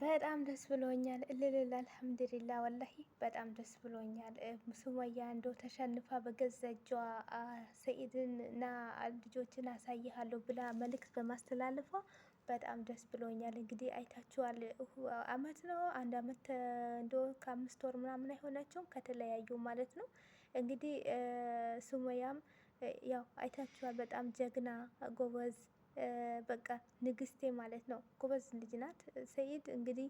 በጣም ደስ ብሎኛል። እልልል አልሐምዱሊላ ወላሂ በጣም ደስ ብሎኛል። ሱመያ እንዶ ተሸንፋ በገዛ እጇ ሰኢድን ልጆችን አሳይሃለሁ ብላ መልእክት በማስተላለፏ በጣም ደስ ብሎኛል። እንግዲህ አይታችኋል። አመት ነው አንድ አመት እንዶ ከአምስት ወር ምናምን አይሆናቸውም ከተለያዩ ማለት ነው። እንግዲህ ሱመያም ያው አይታችኋል። በጣም ጀግና ጎበዝ በቃ ንግስቴ ማለት ነው። ጎበዝ ልጅ ናት። ሰይድ እንግዲህ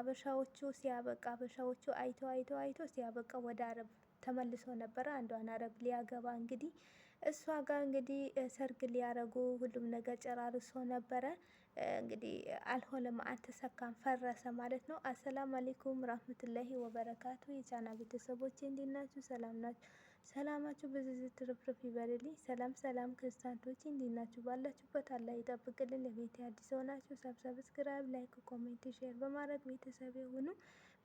አበሻዎቹ ሲያበቃ አበሻዎቹ አይቶ አይቶ አይቶ ሲያበቃ ወደ አረብ ተመልሶ ነበረ። አንዷን አረብ ሊያገባ እንግዲህ እሷ ጋር እንግዲህ ሰርግ ሊያረጉ ሁሉም ነገር ጨራርሶ ነበረ። እንግዲህ አልሆነም፣ አልተሰካም፣ ፈረሰ ማለት ነው። አሰላም አሌይኩም ራህመቱላሂ ወበረካቱ የቻና ቤተሰቦች እንዴት ናችሁ? ሰላም ናችሁ? ሰላማችሁ በዝዝት ትርፍርፍ ይበልልኝ። ሰላም ሰላም ክርስቲያኖች እንዴት ናችሁ? ባላችሁበት አላህ ይጠብቅልን። ለቤት አዲስ የሆናችሁ ሰብስክራይብ፣ ላይክ፣ ኮሜንት፣ ሼር በማድረግ ቤተሰብ የሆኑ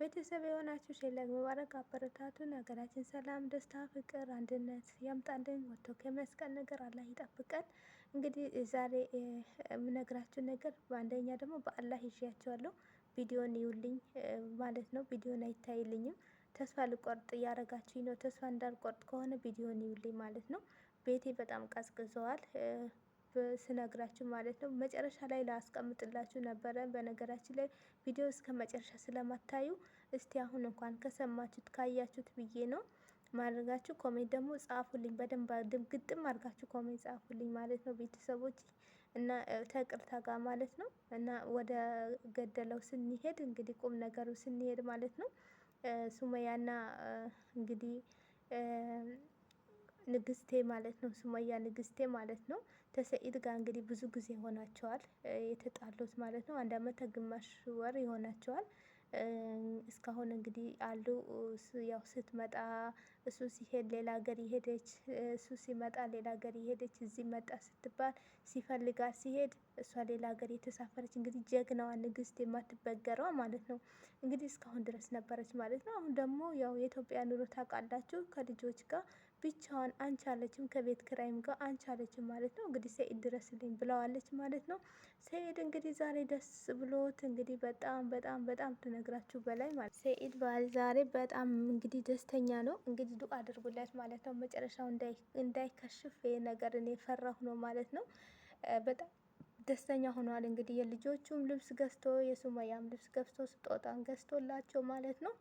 ቤተሰብ የሆናችሁ ሼር ላይ በማድረግ አበረታቱን። ሀገራችን ሰላም፣ ደስታ፣ ፍቅር፣ አንድነት ያምጣልን። ወጥቶ ከመስቀል ነገር አላህ ይጠብቀን። እንግዲህ ዛሬ የምነግራችሁ ነገር በአንደኛ ደግሞ በአላህ ይዤያቸዋለሁ። ቪዲዮን ይውልኝ ማለት ነው። ቪዲዮን አይታይልኝም ተስፋ ልቆርጥ እያደረጋችሁኝ ነው። ተስፋ እንዳልቆርጥ ከሆነ ቪዲዮን ይውልኝ ማለት ነው። ቤቴ በጣም ቀዝቅዘዋል ስነግራችሁ ማለት ነው። መጨረሻ ላይ ላስቀምጥላችሁ ነበረ። በነገራችን ላይ ቪዲዮ እስከ መጨረሻ ስለማታዩ እስቲ አሁን እንኳን ከሰማችሁት ካያችሁት ብዬ ነው ማድረጋችሁ። ኮሜንት ደግሞ ጻፉልኝ በደንብ ግጥም አድርጋችሁ ኮሜንት ጻፉልኝ ማለት ነው ቤተሰቦች እና ተቅርታ ጋር ማለት ነው። እና ወደ ገደለው ስንሄድ እንግዲህ ቁም ነገሩ ስንሄድ ማለት ነው ሱመያና እንግዲህ ንግስቴ ማለት ነው። ሱመያ ንግስቴ ማለት ነው። ተሰኢድ ጋር እንግዲህ ብዙ ጊዜ ሆናቸዋል የተጣሉት ማለት ነው። አንድ አመት ከግማሽ ወር ይሆናቸዋል። እስካሁን እንግዲህ አሉ ያው ስትመጣ እሱ ሲሄድ ሌላ ሀገር የሄደች እሱ ሲመጣ ሌላ ሀገር የሄደች እዚህ መጣ ስትባል ሲፈልጋ ሲሄድ እሷ ሌላ ሀገር የተሳፈረች እንግዲህ ጀግናዋ ንግስት የማትበገረዋ ማለት ነው። እንግዲህ እስካሁን ድረስ ነበረች ማለት ነው። አሁን ደግሞ ያው የኢትዮጵያ ኑሮ ታውቃላችሁ ከልጆች ጋር ብቻዋን አንቻለችም ከቤት ክራይም ጋር አንቻለችም ማለት ነው። እንግዲህ ሰኢድ ድረስልኝ ብለዋለች ማለት ነው። ሰኢድ እንግዲህ ዛሬ ደስ ብሎት እንግዲህ በጣም በጣም በጣም ትነግራችሁ በላይ ማለት ሰኢድ ባል ዛሬ በጣም እንግዲህ ደስተኛ ነው። እንግዲህ ዱአ አድርጉለት ማለት ነው። መጨረሻው እንዳይከሽፍ ነገር እኔ ፈራሁ ነው ማለት ነው። በጣም ደስተኛ ሆኗል። እንግዲህ የልጆቹም ልብስ ገዝቶ የሱመያም ልብስ ገዝቶ ስጦታን ገዝቶላቸው ማለት ነው።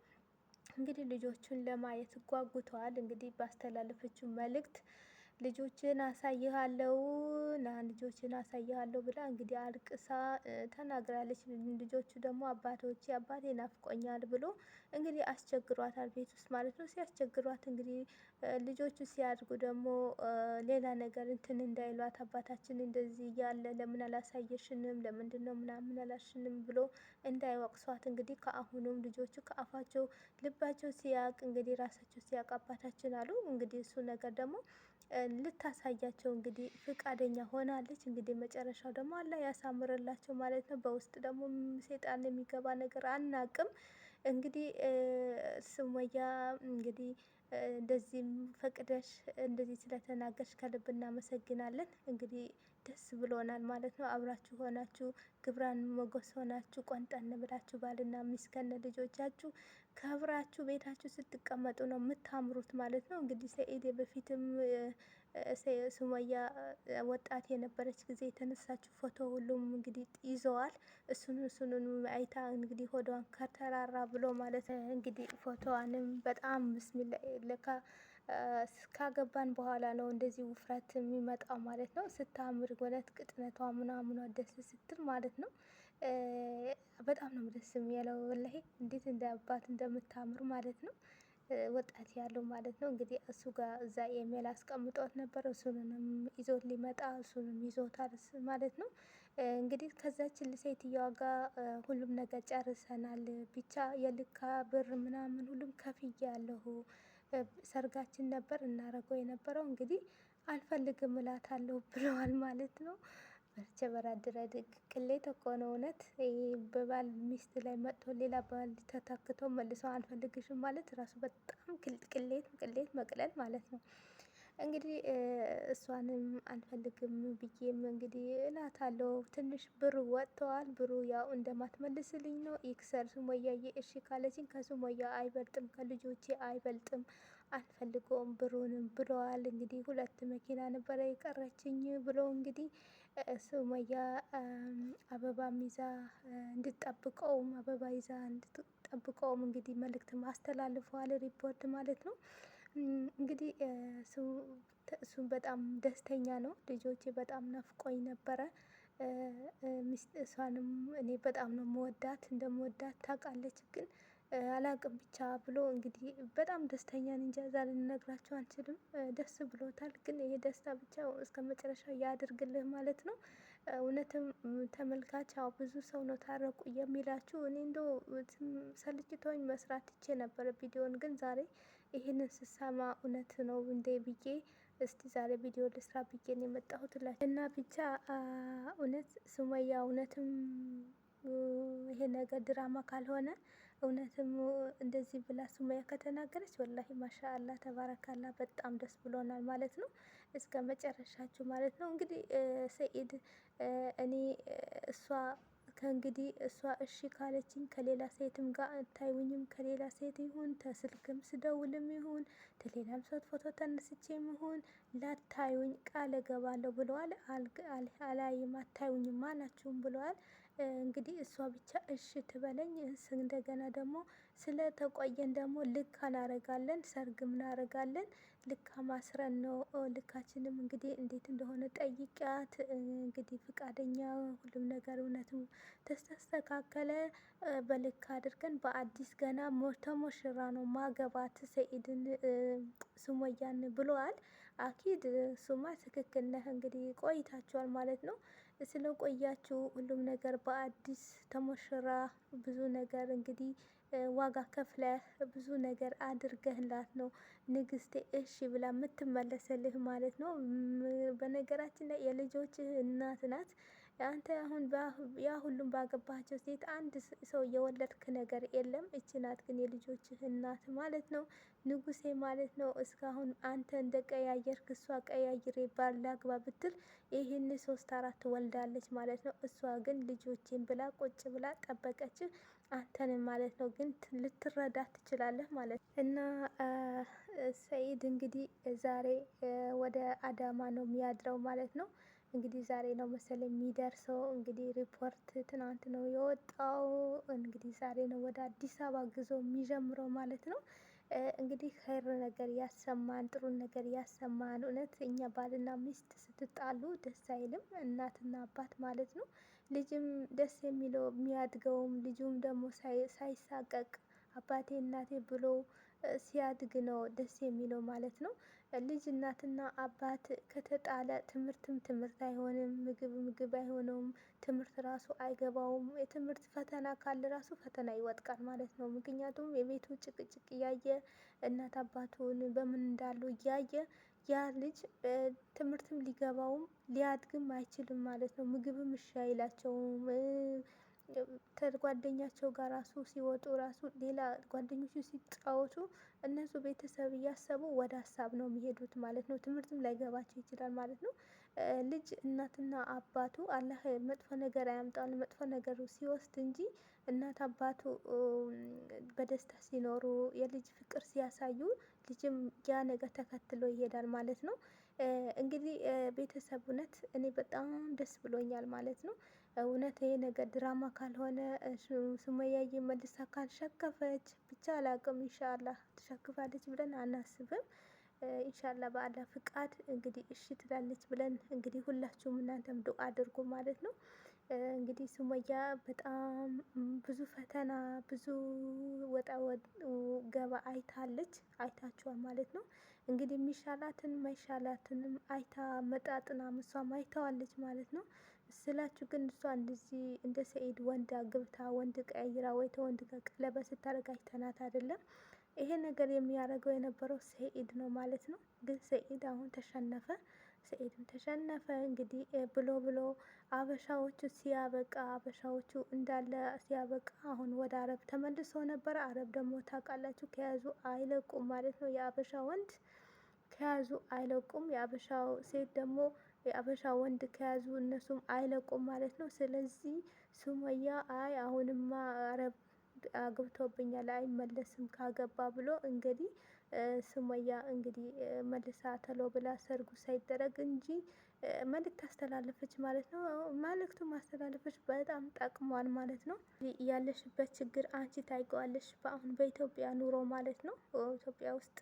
እንግዲህ ልጆቹን ለማየት ጓጉተዋል። እንግዲህ ባስተላለፈችው መልእክት ልጆችን አሳይሃለው ና ልጆችን አሳይሃለሁ ብላ እንግዲህ አልቅሳ ተናግራለች። ልጆቹ ደግሞ አባቶቼ አባቴ ናፍቆኛል ብሎ እንግዲህ አስቸግሯታል ቤት ውስጥ ማለት ነው። ሲያስቸግሯት እንግዲህ ልጆቹ ሲያድጉ ደግሞ ሌላ ነገር እንትን እንዳይሏት አባታችን እንደዚህ እያለ ለምን አላሳየሽንም ለምንድን ነው ምናምን አላልሽንም ብሎ እንዳይወቅሷት እንግዲህ ከአሁኑም ልጆቹ ከአፋቸው ልባቸው ሲያቅ እንግዲህ ራሳቸው ሲያቅ አባታችን አሉ። እንግዲህ እሱ ነገር ደግሞ ልታሳያቸው እንግዲህ ፍቃደኛ ሆናለች። እንግዲህ መጨረሻው ደግሞ አላ ያሳምርላቸው ማለት ነው። በውስጥ ደግሞ ሴጣን የሚገባ ነገር አናቅም። እንግዲህ ሱመያ እንግዲህ እንደዚህም ፈቅደሽ እንደዚህ ስለተናገርሽ ከልብ እናመሰግናለን። እንግዲህ ደስ ብሎናል ማለት ነው። አብራችሁ ሆናችሁ ግብራን ሞገስ ሆናችሁ ቆንጠን ብላችሁ ባልና ሚስት ከነ ልጆቻችሁ ከብራችሁ ቤታችሁ ስትቀመጡ ነው የምታምሩት ማለት ነው። እንግዲህ ሰኢድ በፊትም ሱመያ ወጣት የነበረች ጊዜ የተነሳችው ፎቶ ሁሉም እንግዲህ ይዘዋል። እሱን እሱንን አይታ እንግዲህ ሆዷን ከተራራ ብሎ ማለት እንግዲህ ፎቶዋንም በጣም ብስሚላ ለካ ካገባን በኋላ ነው እንደዚህ ውፍረት የሚመጣው ማለት ነው። ስታምር ወለት ቅጥነቷ ምናምኗ ደስ ስትል ማለት ነው። በጣም ነው ደስ የሚለው ወላሂ እንዴት እንደ አባት እንደምታምር ማለት ነው። ወጣት ያለው ማለት ነው እንግዲህ እሱ ጋር እዛ ኢሜል አስቀምጦት ነበር። እሱንም ይዞት ሊመጣ እሱንም ይዞታል ማለት ነው። እንግዲህ ከዛችን ሴትዮዋ ጋር ሁሉም ነገር ጨርሰናል። ብቻ የልካ ብር ምናምን ሁሉም ከፍያለሁ። ሰርጋችን ነበር እናረገው የነበረው እንግዲህ አልፈልግም እላታለሁ ብለዋል ማለት ነው። ቸበራድር ቅሌት እኮ ነው። እውነት በባል ሚስት ላይ መጥቶ ሌላ ባል ተተክቶ መልሶ አንፈልግሽም ማለት ራሱ በጣም ቅሌት ቅሌት መቅለል ማለት ነው። እንግዲህ እሷንም አንፈልግም ብዬም እንግዲህ እላታለሁ። ትንሽ ብሩ ወጥተዋል። ብሩ ያው እንደማትመልስልኝ ነው። ይክሰር ሱሞያዬ፣ እሺ ካለችኝ ከሱሞያ አይበልጥም፣ ከልጆቼ አይበልጥም፣ አንፈልገውም ብሩንም ብለዋል። እንግዲህ ሁለት መኪና ነበረ የቀረችኝ ብሎ እንግዲህ ሱመያ አበባም ይዛ እንድትጠብቀውም አበባ ይዛ እንድትጠብቀውም እንግዲህ መልእክት አስተላልፈዋል። ሪፖርት ማለት ነው እንግዲህ እሱም በጣም ደስተኛ ነው። ልጆቼ በጣም ናፍቆኝ ነበረ። እሷንም እኔ በጣም ነው መወዳት እንደመወዳት ታውቃለች ግን አላቅም ብቻ ብሎ እንግዲህ በጣም ደስተኛ እንጃ ዛሬ ልነግራችሁ አንችልም። ደስ ብሎታል። ግን ይሄ ደስታ ብቻ እስከ መጨረሻ ያድርግልህ ማለት ነው። እውነትም ተመልካች ያው ብዙ ሰው ነው ታረቁ የሚላችሁ። እኔ እንዶ ሰልችቶኝ መስራት ይቼ ነበረ ቪዲዮን፣ ግን ዛሬ ይህንን ስሰማ እውነት ነው እንዴ ብዬ እስቲ ዛሬ ቪዲዮ ልስራ ብዬ ነው የመጣሁት ላችሁ እና ብቻ እውነት ሱመያ እውነትም ይሄ ነገር ድራማ ካልሆነ እውነትም እንደዚህ ብላ ሱመያ ከተናገረች ወላሂ ማሻአላ ተባረካላ በጣም ደስ ብሎናል ማለት ነው። እስከ መጨረሻችሁ ማለት ነው። እንግዲህ ሰኢድ እኔ እሷ ከእንግዲህ እሷ እሺ ካለችኝ ከሌላ ሴትም ጋር አታዩኝም። ከሌላ ሴት ይሁን ተስልክም ስደውልም ይሁን ከሌላም ሰት ፎቶ ተነስቼም ይሁን ላታዩኝ ቃል እገባለሁ ብለዋል። አላይም አታዩኝም ማናችሁም ብለዋል። እንግዲህ እሷ ብቻ እሺ ትበለኝ። እንደገና ደግሞ ስለ ተቆየን ደግሞ ልክ አላረጋለን፣ ሰርግ ምናረጋለን ልካ ማስረን ነው። ልካችንም እንግዲህ እንዴት እንደሆነ ጠይቂያት። እንግዲህ ፍቃደኛ ሁሉም ነገር እውነት ተስተካከለ በልክ አድርገን በአዲስ ገና ተሞሽራ ነው ማገባት ሰኢድን ሱመያን ብለዋል። አኪድ ሱማ ትክክል ነህ። እንግዲህ ቆይታችኋል ማለት ነው። ስለቆያችሁ ሁሉም ነገር በአዲስ ተሞሽራ ብዙ ነገር እንግዲህ ዋጋ ከፍለ ብዙ ነገር አድርገህላት ነው ንግስቴ እሺ ብላ የምትመለሰልህ ማለት ነው። በነገራችን ላይ የልጆች እናት ናት። አንተ አሁን ያ ሁሉም ባገባቸው ሴት አንድ ሰው የወለድክ ነገር የለም። እች ናት ግን የልጆችህ እናት ማለት ነው፣ ንጉሴ ማለት ነው። እስካሁን አንተ እንደ ቀያየርክ እሷ ቀያይሬ ባል ላግባ ብትል ይህን ሶስት አራት ወልዳለች ማለት ነው። እሷ ግን ልጆችን ብላ ቁጭ ብላ ጠበቀችህ። አንተንም ማለት ነው። ግን ልትረዳ ትችላለህ ማለት ነው። እና ሰኢድ እንግዲህ ዛሬ ወደ አዳማ ነው የሚያድረው ማለት ነው። እንግዲህ ዛሬ ነው መሰል የሚደርሰው። እንግዲህ ሪፖርት ትናንት ነው የወጣው። እንግዲህ ዛሬ ነው ወደ አዲስ አበባ ጉዞ የሚጀምረው ማለት ነው። እንግዲህ ኸይር ነገር ያሰማን፣ ጥሩ ነገር ያሰማን። እውነት እኛ ባልና ሚስት ስትጣሉ ደስ አይልም፣ እናትና አባት ማለት ነው። ልጅም ደስ የሚለው የሚያድገውም ልጁም ደግሞ ሳይሳቀቅ አባቴ እናቴ ብሎ ሲያድግ ነው ደስ የሚለው ማለት ነው። ልጅ እናትና አባት ከተጣለ ትምህርትም ትምህርት አይሆንም፣ ምግብ ምግብ አይሆነውም፣ ትምህርት ራሱ አይገባውም። የትምህርት ፈተና ካለ ራሱ ፈተና ይወድቃል ማለት ነው። ምክንያቱም የቤቱ ጭቅጭቅ እያየ እናት አባቱን በምን እንዳሉ እያየ ያ ልጅ ትምህርትም ሊገባውም ሊያድግም አይችልም ማለት ነው። ምግብም እሺ አይላቸውም ከጓደኛቸው ጋር ራሱ ሲወጡ ራሱ ሌላ ጓደኞቹ ሲጫወቱ እነሱ ቤተሰብ እያሰቡ ወደ ሀሳብ ነው የሚሄዱት ማለት ነው። ትምህርትም ላይገባቸው ይችላል ማለት ነው። ልጅ እናትና አባቱ አላህ መጥፎ ነገር አያምጣውን መጥፎ ነገሩ ሲወስድ እንጂ እናት አባቱ በደስታ ሲኖሩ የልጅ ፍቅር ሲያሳዩ ልጅም ያ ነገር ተከትሎ ይሄዳል ማለት ነው። እንግዲህ ቤተሰብ እውነት እኔ በጣም ደስ ብሎኛል ማለት ነው። እውነት ይሄ ነገር ድራማ ካልሆነ ሱመያ መልሳ ካልሸከፈች ብቻ አላቅም። ኢንሻላ ትሸክፋለች ብለን አናስብም። ኢንሻላ በአላ ፍቃድ እንግዲህ እሺ ትላለች ብለን እንግዲህ ሁላችሁም እናንተም ዱአ አድርጉ ማለት ነው። እንግዲህ ሱመያ በጣም ብዙ ፈተና ብዙ ወጣ ገባ አይታለች፣ አይታችኋል ማለት ነው። እንግዲህ የሚሻላትን መሻላትንም አይታ መጣጥና ምሷም አይታዋለች ማለት ነው። ስላችሁ ግን እሷ እንደዚህ እንደ ሰኢድ ወንድ አግብታ ወንድ ቀይራ ወይ ተወንድ ጋር ቀለበት ስታደርግ አይተናት አይደለም። ይሄ ነገር የሚያደርገው የነበረው ሰኢድ ነው ማለት ነው። ግን ሰኢድ አሁን ተሸነፈ። ሰኢድም ተሸነፈ። እንግዲህ ብሎ ብሎ አበሻዎቹ ሲያበቃ አበሻዎቹ እንዳለ ሲያበቃ አሁን ወደ አረብ ተመልሶ ነበር። አረብ ደግሞ ታውቃላችሁ ከያዙ አይለቁም ማለት ነው። የአበሻ ወንድ ከያዙ አይለቁም። የአበሻው ሴት ደግሞ የአበሻ ወንድ ከያዙ እነሱም አይለቁም ማለት ነው። ስለዚህ ሱመያ አይ አሁንማ አረብ አግብቶብኛል አይመለስም ካገባ ብሎ እንግዲህ ሱመያ እንግዲህ መልሳ ተሎ ብላ ሰርጉ ሳይደረግ እንጂ መልእክት አስተላለፈች ማለት ነው። መልእክቱ ማስተላለፈች በጣም ጠቅሟል ማለት ነው። ያለሽበት ችግር አንቺ ታይቀዋለሽ በአሁን በኢትዮጵያ ኑሮ ማለት ነው። ኢትዮጵያ ውስጥ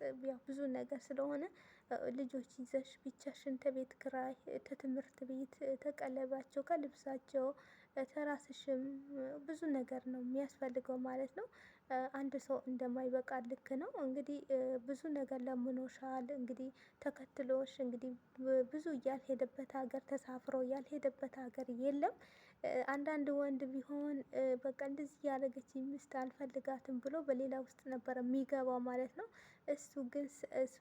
ብዙ ነገር ስለሆነ ልጆች ይዘሽ ብቻሽን ተቤት ክራይ፣ ተትምህርት ቤት፣ ተቀለባቸው፣ ከልብሳቸው፣ ተራስሽም ብዙ ነገር ነው የሚያስፈልገው ማለት ነው። አንድ ሰው እንደማይበቃ ልክ ነው። እንግዲህ ብዙ ነገር ለምኖሻል። እንግዲህ ተከትሎሽ እንግዲህ ብዙ ያልሄደበት ሀገር ተሳፍሮ ያልሄደበት ሀገር የለም። አንዳንድ ወንድ ቢሆን በቃ እንደዚህ ያደረገች ሚስት አልፈልጋትም ብሎ በሌላ ውስጥ ነበረ የሚገባው ማለት ነው። እሱ ግን እሱ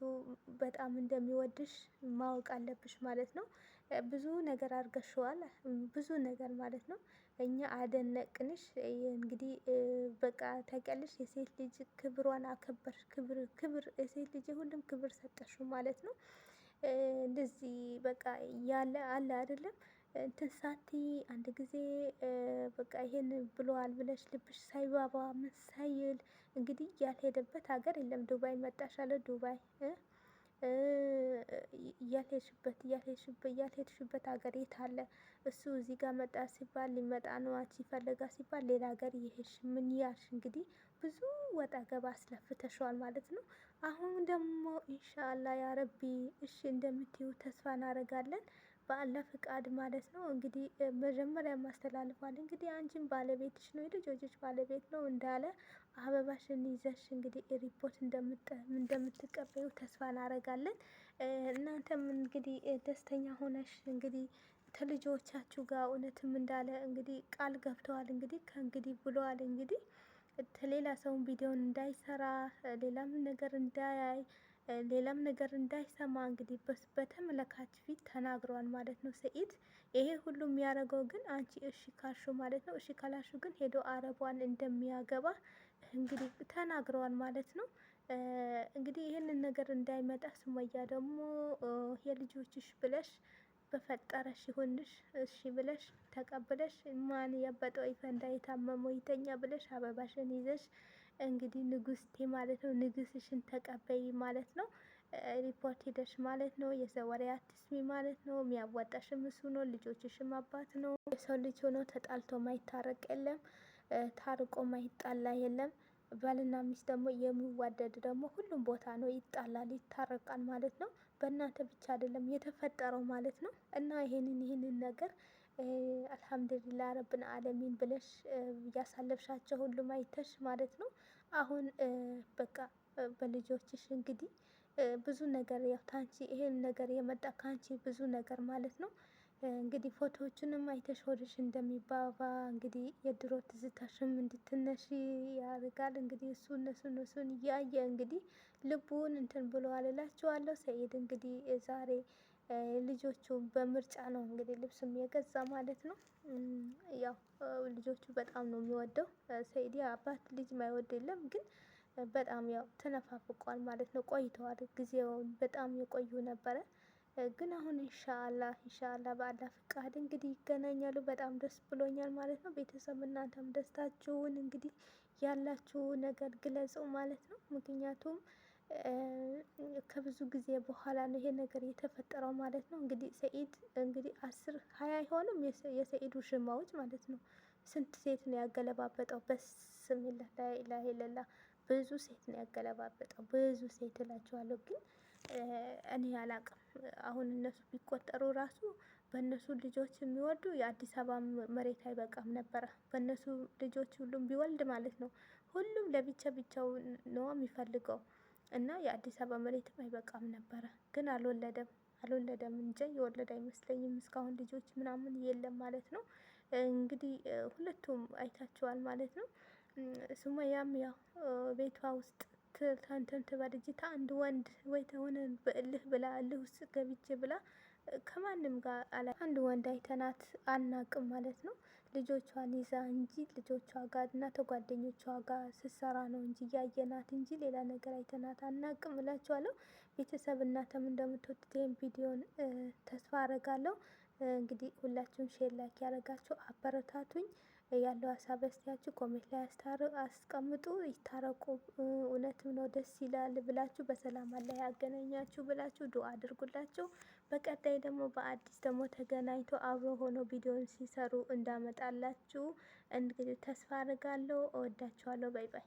በጣም እንደሚወድሽ ማወቅ አለብሽ ማለት ነው። ብዙ ነገር አድርገሽዋል፣ ብዙ ነገር ማለት ነው። እኛ አደነቅንሽ። እንግዲህ በቃ ታውቂያለሽ፣ የሴት ልጅ ክብሯን አከበርሽ። ክብር ክብር የሴት ልጅ ሁሉም ክብር ሰጠሽው ማለት ነው። እንደዚህ በቃ ያለ አለ አይደለም ትንሳቲ አንድ ጊዜ በቃ ይሄን ብለዋል ብለሽ ልብሽ ሳይባባ ምን ሳይል እንግዲህ ያልሄደበት ሀገር የለም። ዱባይ መጣሽ አለ ዱባይ እያልሄድሽበት እያልሄድሽበት እያልሄድሽበት ሀገር የት አለ? እሱ እዚህ ጋር መጣ ሲባል ሊመጣ ነው፣ አንቺ ሲባል ሌላ ሀገር ይሄሽ ምን ያልሽ እንግዲህ ብዙ ወጣ ገባ አስለፍተሸዋል ማለት ነው። አሁን ደግሞ ኢንሻአላ ያረቢ እሺ እንደምትዩ ተስፋ እናደርጋለን። በአላህ ፍቃድ ማለት ነው። እንግዲህ መጀመሪያ ማስተላልፏል እንግዲህ አንቺን ባለቤትሽ ነው የልጆችሽ ባለቤት ነው እንዳለ አበባሽን ይዘሽ እንግዲህ ሪፖርት እንደምትቀበዩ ተስፋ እናደርጋለን። እናንተም እንግዲህ ደስተኛ ሆነሽ እንግዲህ ከልጆቻችሁ ጋር እውነትም እንዳለ እንግዲህ ቃል ገብተዋል። እንግዲህ ከእንግዲህ ብለዋል እንግዲህ ሌላ ሰውን ቪዲዮን እንዳይሰራ ሌላም ነገር እንዳያይ ሌላም ነገር እንዳይሰማ እንግዲህ በተመልካች ፊት ተናግሯል ማለት ነው ሰኢድ። ይሄ ሁሉ የሚያደርገው ግን አንቺ እሺ ካልሹ ማለት ነው። እሺ ካላሹ ግን ሄዶ አረቧን እንደሚያገባ እንግዲህ ተናግረዋል ማለት ነው። እንግዲህ ይህንን ነገር እንዳይመጣ ሱመያ ደግሞ የልጆችሽ ብለሽ በፈጠረሽ ይሁንሽ እሺ ብለሽ ተቀብለሽ ማን ያበጠው ይፈንዳ የታመመው ይተኛ ብለሽ አበባሽን ይዘሽ እንግዲህ ንግስቴ ማለት ነው። ንግስሽን ተቀበይ ማለት ነው። ሪፖርት ሄደሽ ማለት ነው። የሰው ወሬ አትስሚ ማለት ነው። የሚያዋጣሽም እሱ ነው። ልጆችሽም አባት ነው። የሰው ልጅ ሆኖ ተጣልቶ ማይታረቅ የለም፣ ታርቆ ማይጣላ የለም። ባልና ሚስት ደግሞ የሚዋደድ ደግሞ ሁሉም ቦታ ነው፣ ይጣላል፣ ይታረቃል ማለት ነው። በእናንተ ብቻ አይደለም የተፈጠረው ማለት ነው እና ይህንን ይህንን ነገር አልሐምዱሊላ ረብን አለሚን ብለሽ እያሳለፍሻቸው ሁሉም አይተሽ ማለት ነው። አሁን በቃ በልጆችሽ እንግዲህ ብዙ ነገር ያው ታንቺ ይሄን ነገር የመጣ ካንቺ ብዙ ነገር ማለት ነው። እንግዲህ ፎቶዎቹንም አይተሽ ሆድሽ እንደሚባባ እንግዲህ የድሮ ትዝታሽም እንድትነሺ ያደርጋል። እንግዲህ እሱ እነሱ እነሱን እያየ እንግዲህ ልቡን እንትን ብሎ አልላችኋለሁ። ሰኢድ እንግዲህ ዛሬ ልጆቹ በምርጫ ነው እንግዲህ ልብስም የገዛ ማለት ነው። ያው ልጆቹ በጣም ነው የሚወደው ሰኢድ አባት ልጅ ማይወድ የለም ግን በጣም ያው ተነፋፍቋል ማለት ነው። ቆይተዋል ጊዜውን በጣም የቆዩ ነበረ። ግን አሁን ኢንሻአላ ኢንሻአላ በአላ ፍቃድ እንግዲህ ይገናኛሉ። በጣም ደስ ብሎኛል ማለት ነው። ቤተሰብ እናንተም ደስታችሁን እንግዲህ ያላችሁ ነገር ግለጹ ማለት ነው። ምክንያቱም ከብዙ ጊዜ በኋላ ነው ይሄ ነገር የተፈጠረው ማለት ነው። እንግዲህ ሰኢድ እንግዲህ አስር ሀያ አይሆንም የሰኢድ ውሽማዎች ማለት ነው። ስንት ሴት ነው ያገለባበጠው? በስሚላ ላይለላ ብዙ ሴት ነው ያገለባበጠው። ብዙ ሴት እላቸዋለሁ። ግን እኔ አላቅም። አሁን እነሱ ቢቆጠሩ ራሱ በእነሱ ልጆች የሚወዱ የአዲስ አበባ መሬት አይበቃም ነበረ። በእነሱ ልጆች ሁሉም ቢወልድ ማለት ነው። ሁሉም ለብቻ ብቻው ነው የሚፈልገው እና የአዲስ አበባ መሬትም አይበቃም ነበረ። ግን አልወለደም አልወለደም እንጂ የወለደ አይመስለኝም እስካሁን ልጆች ምናምን የለም ማለት ነው። እንግዲህ ሁለቱም አይታችኋል ማለት ነው። ሱመያም ያው ቤቷ ውስጥ ትንትን ትበልጅታ አንድ ወንድ ወይ ተሆነ በእልህ ብላ እልህ ውስጥ ገብቼ ብላ ከማንም ጋር አላ አንድ ወንድ አይተናት አናቅም ማለት ነው። ልጆቿን ይዛ እንጂ ልጆቿ ጋር እና ተጓደኞቿ ጋር ስትሰራ ነው እንጂ ያየናት እንጂ ሌላ ነገር አይተናት አናቅም እላችኋለሁ። ቤተሰብ እናንተም እንደምትወዱት ይህን ቪዲዮን ተስፋ አረጋለሁ። እንግዲህ ሁላችሁም ሼር ላይክ ያደረጋችሁ አበረታቱኝ። ያለው ሀሳብ አስተያየታችሁ ኮሜንት ላይ አስቀምጡ። ይታረቁ እውነትም ነው ደስ ይላል ብላችሁ በሰላም አላህ ያገናኛችሁ ብላችሁ ዱአ አድርጉላችሁ። በቀጣይ ደግሞ በአዲስ ደግሞ ተገናኝቶ አብሮ ሆኖ ቪዲዮን ሲሰሩ እንዳመጣላችሁ እንግዲህ ተስፋ አድርጋለሁ። እወዳችኋለሁ። ባይ ባይ።